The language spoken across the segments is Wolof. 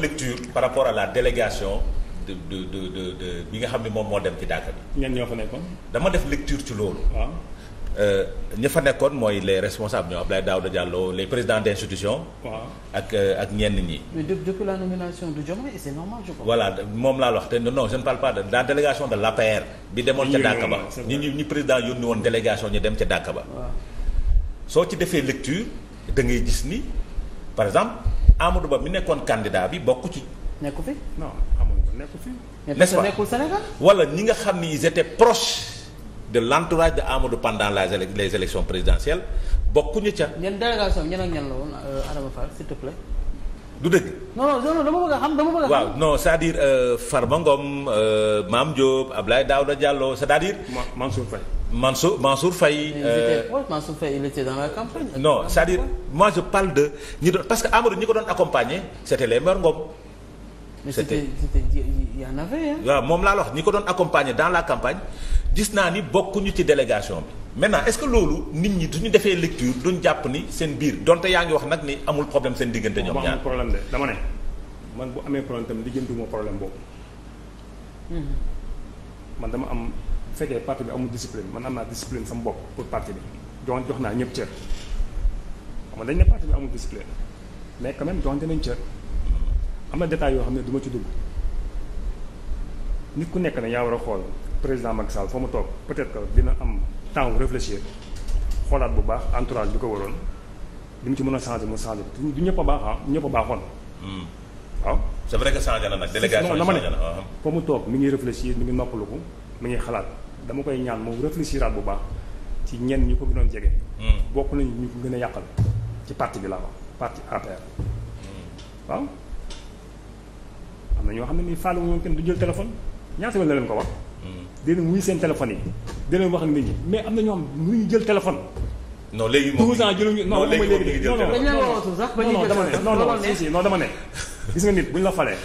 lecture par rapport à la délégation de de de de de bi nga xam ne moom moo dem ci Daaka bi. ñenn ñoo fa nekkoon. dama def lecture ci loolu. waaw ah. euh, ña fa nekkoon mooy les responsables ñoo Abdoulaye Daouda Diallo les présidents d' institution. waaw ah. ak euh, ak ñenn ñi. mais depuis la nomination de Diomaye c' est normal je crois. voilà moom laa wax te non je ne parle pas de la délégation de l' APR. bi demoon ca Daaka ba ñi ñi ñi président yónni woon délégation ñu dem ca Daaka ba. soo ci defee lecture da ngay gis ni par exemple. Amadou Ba mi nekkoon candidat bi bokk ci. nekku fi non Amadou Ba nekku fi. n'est-ce pas nekkul Sénégal. wala ñi nga xam ni ils étaient proches de l'entourage de Amadou pendant la les élections présidentielles bokkuñu ca. ñenn délégation bi ñan ak ñan la woon euh, Adama Fall s'il te plaît. du dëgg. non non dama a xam a. waaw non c'est-à-dire euh, Farba Ngom euh, Mame Diop Abdoulaye Daouda Diallo c'est-à-dire. Mansour Faye. Mansour Mansour Faye. Euh, Mansour Faye il était dans la campagne. non c'est-à-dire moi je parle de ñi parce que Amadou ñi ko doon accompagner c'était les maires c'était y en avait waaw moom laa la ñi ko doon accompagner dans la campagne gis naa ni bokkuñu ci délégation bi maintenant est-ce que loolu nit ñi duñu defee lecture duñ jàpp ni seen biir donte yaa ngi wax nag ni amul problème seen diggante ñoom ñaar problème de dama ne man bu amee problème tamit lijjantiwuma problème boobu mm-hmm. dama am bu fekkee parti bi amul discipline man am naa discipline sama bopp pour parti bi donc jox naa ñëpp cër man dañ ne parti bi amul discipline mais quand joxante nañ cër am na détails yoo xam ne du ci dugg nit ku nekk ne yaa war a xool président Macky Sall fa mu toog peut-être que dina am temps wu xoolaat bu baax entourage bi ko waroon li mu ci mën a changer mu changer bi ñëpp a baax ah ñëpp a baaxoon. Hmm. waaw. c'est vrai que changé na nag délégation bi changé na fa mu toog mi ngi réfléchir mi ngi noppalu ko mi ngi xalaat dama koy ñaan moom réfléchiraat bu baax ci ñenn ñi ko gënoon jege. Hmm. bokk nañu ñu ko gën a yàqal ci parti bi laa parti APR hmm. am na ñoo xam ne nii Fallou moom kenn du jël téléphone ñaata yoon la leen ko wax. Hmm. dinañ wuyu seen téléphone yi dinañ wax nit ñi mais am na ñoo xam ne mënuñu jël téléphone. non léegi moom 12 ans jëluñu non moom mooy léegi non non dama ne non non si si non dama ne gis nga nit buñ la falee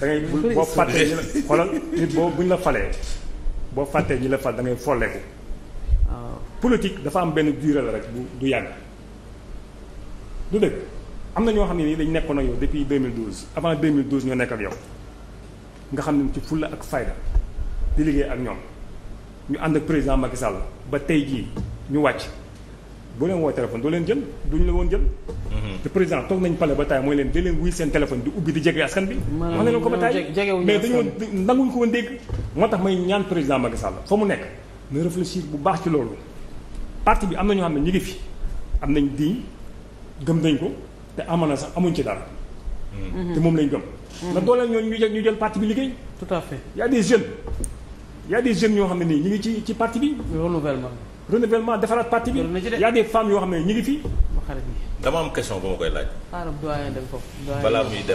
da ngay boo fàttee ñu la xoolal nit boo buñ la falee boo fàttee ñi la fal da ngay folleeku ah. politique dafa am benn durée la rek bu du yàgg du dëgg am na ñoo xam ne nii dañ nekkoon ak yow depuis 2012 avant 2012 ñoo nekk ak yow nga xam ne ci fulla ak fayda di liggéey ak ñoom ñu ànd ak président Macky Sall ba tey jii ñu wàcc boo leen woo téléphone leen jël duñu la woon jël. Mhm. te président toog nañu pale ba taay mooy leen di leen wuy seen téléphone di ubbi di jege askan bi. wax nañu ko ba taay mais dañoo nanguñu ko woon dégg. moo tax may ñaan président Macky Sall fa mu nekk na réfléchir bu baax ci loolu parti bi am na ñoo xam ne ñu ngi fi am nañ di gëm nañ ko. te amana sax amuñ ci dara. te moom lañ gëm. na dooleel ñooñu ñu jël ñu jël parti bi liggéey. tout à fait y a des jeunes. a des jeunes yoo xam ne nii ñu ngi ci ci parti bi. renouvellement. renouvellement defaraat parti bi. y a des yoo xam ne ñu ngi fii. dama am question bu ma koy laaj. xaaral dem foofu. balaa muy dem.